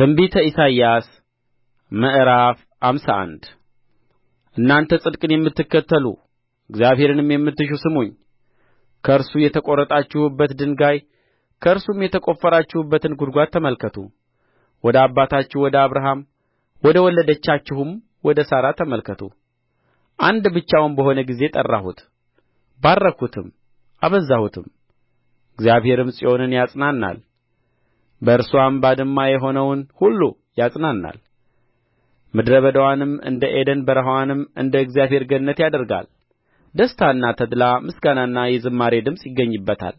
ትንቢተ ኢሳይያስ ምዕራፍ ሃምሳ አንድ እናንተ ጽድቅን የምትከተሉ እግዚአብሔርንም የምትሹ ስሙኝ ከእርሱ የተቈረጣችሁበት ድንጋይ ከእርሱም የተቈፈራችሁበትን ጕድጓድ ተመልከቱ ወደ አባታችሁ ወደ አብርሃም ወደ ወለደቻችሁም ወደ ሣራ ተመልከቱ አንድ ብቻውን በሆነ ጊዜ ጠራሁት ባረክሁትም አበዛሁትም እግዚአብሔርም ጽዮንን ያጽናናል በእርስዋም ባድማ የሆነውን ሁሉ ያጽናናል ምድረ በዳዋንም እንደ ዔደን በረሀዋንም እንደ እግዚአብሔር ገነት ያደርጋል ደስታና ተድላ ምስጋናና የዝማሬ ድምፅ ይገኝበታል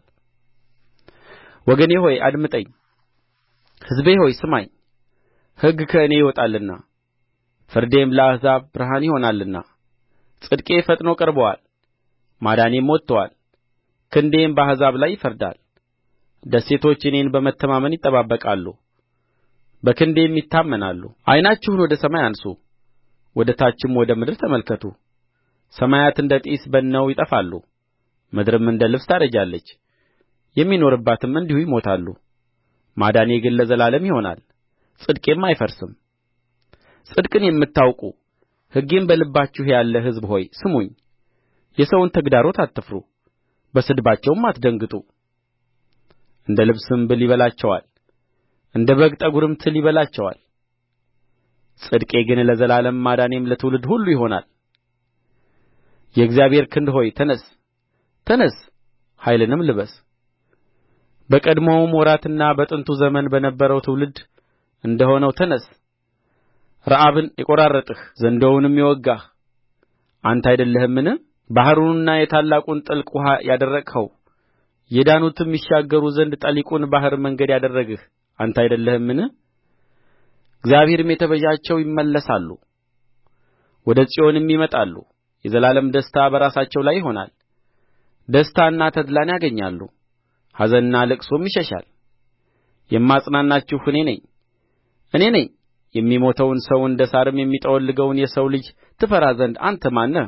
ወገኔ ሆይ አድምጠኝ ሕዝቤ ሆይ ስማኝ ሕግ ከእኔ ይወጣልና ፍርዴም ለአሕዛብ ብርሃን ይሆናልና ጽድቄ ፈጥኖ ቀርቦአል ማዳኔም ወጥቶአል ክንዴም በአሕዛብ ላይ ይፈርዳል ደሴቶች እኔን በመተማመን ይጠባበቃሉ በክንዴም ይታመናሉ ዓይናችሁን ወደ ሰማይ አንሡ ወደ ታችም ወደ ምድር ተመልከቱ ሰማያት እንደ ጢስ በንነው ይጠፋሉ ምድርም እንደ ልብስ ታረጃለች የሚኖሩባትም እንዲሁ ይሞታሉ ማዳኔ ግን ለዘላለም ይሆናል ጽድቄም አይፈርስም ጽድቅን የምታውቁ ሕጌም በልባችሁ ያለ ሕዝብ ሆይ ስሙኝ የሰውን ተግዳሮት አትፍሩ በስድባቸውም አትደንግጡ እንደ ልብስም ብል ይበላቸዋል እንደ በግ ጠጕርም ትል ይበላቸዋል ጽድቄ ግን ለዘላለም ማዳኔም ለትውልድ ሁሉ ይሆናል የእግዚአብሔር ክንድ ሆይ ተነሥ ተነሥ ኃይልንም ልበስ በቀድሞውም ወራትና በጥንቱ ዘመን በነበረው ትውልድ እንደ ሆነው ተነሥ ረዓብን የቈራረጥህ ዘንዶውንም የወጋህ አንተ አይደለህምን ባሕሩንና የታላቁን ጥልቅ ውኃ ያደረቅኸው የዳኑትም ይሻገሩ ዘንድ ጠሊቁን ባሕር መንገድ ያደረግህ አንተ አይደለህምን እግዚአብሔርም የተቤዣቸው ይመለሳሉ ወደ ጽዮንም ይመጣሉ የዘላለም ደስታ በራሳቸው ላይ ይሆናል ደስታና ተድላን ያገኛሉ ኀዘንና ልቅሶም ይሸሻል የማጽናናችሁ እኔ ነኝ እኔ ነኝ የሚሞተውን ሰው እንደ ሣርም የሚጠወልገውን የሰው ልጅ ትፈራ ዘንድ አንተ ማን ነህ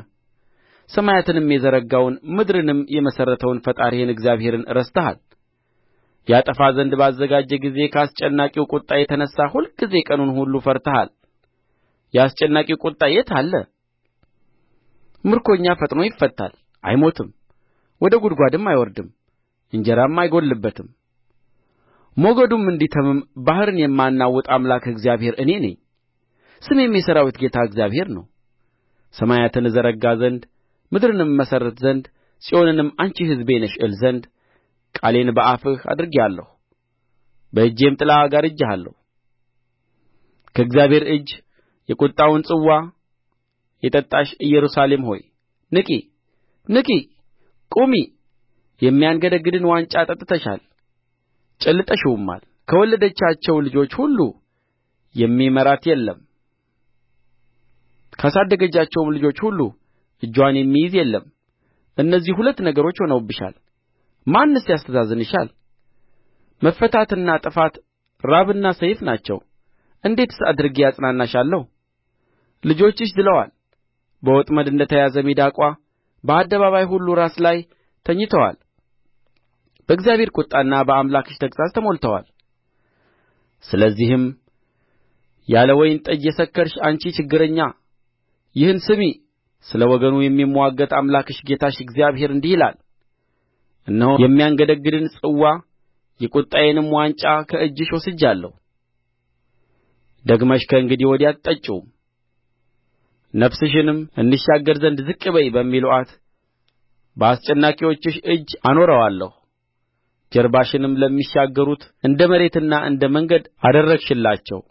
ሰማያትንም የዘረጋውን ምድርንም የመሠረተውን ፈጣሪህን እግዚአብሔርን ረስተሃል ያጠፋ ዘንድ ባዘጋጀ ጊዜ ከአስጨናቂው ቍጣ የተነሣ ሁልጊዜ ቀኑን ሁሉ ፈርተሃል የአስጨናቂው ቍጣ የት አለ ምርኮኛ ፈጥኖ ይፈታል አይሞትም ወደ ጕድጓድም አይወርድም እንጀራም አይጐድልበትም ሞገዱም እንዲተምም ባሕርን የማናውጥ አምላክ እግዚአብሔር እኔ ነኝ ስሜም የሠራዊት ጌታ እግዚአብሔር ነው ሰማያትን እዘረጋ ዘንድ ምድርንም እመሠርት ዘንድ ጽዮንንም አንቺ ሕዝቤ ነሽ እል ዘንድ ቃሌን በአፍህ አድርጌአለሁ በእጄም ጥላ ጋርጄሃለሁ ከእግዚአብሔር እጅ የቍጣውን ጽዋ የጠጣሽ ኢየሩሳሌም ሆይ ንቂ ንቂ ቁሚ የሚያንገደግድን ዋንጫ ጠጥተሻል ጨልጠሽውማል ከወለደቻቸው ልጆች ሁሉ የሚመራት የለም ካሳደገቻቸውም ልጆች ሁሉ እጅዋን የሚይዝ የለም እነዚህ ሁለት ነገሮች ሆነውብሻል ማንስ ያስተዛዝንሻል መፈታትና ጥፋት ራብና ሰይፍ ናቸው እንዴትስ አድርጌ አጽናናሻለሁ ልጆችሽ ዝለዋል በወጥመድ እንደ ተያዘ ሚዳቋ በአደባባይ ሁሉ ራስ ላይ ተኝተዋል በእግዚአብሔር ቍጣና በአምላክሽ ተግሣጽ ተሞልተዋል ስለዚህም ያለ ወይን ጠጅ የሰከርሽ አንቺ ችግረኛ ይህን ስሚ ስለ ወገኑ የሚምዋገት አምላክሽ ጌታሽ እግዚአብሔር እንዲህ ይላል እነሆ የሚያንገደግድን ጽዋ የቍጣዬንም ዋንጫ ከእጅሽ ወስጃለሁ ደግመሽ ከእንግዲህ ወዲህ አትጠጪውም ነፍስሽንም እንሻገር ዘንድ ዝቅ በዪ በሚሉአት በአስጨናቂዎችሽ እጅ አኖረዋለሁ ጀርባሽንም ለሚሻገሩት እንደ መሬትና እንደ መንገድ አደረግሽላቸው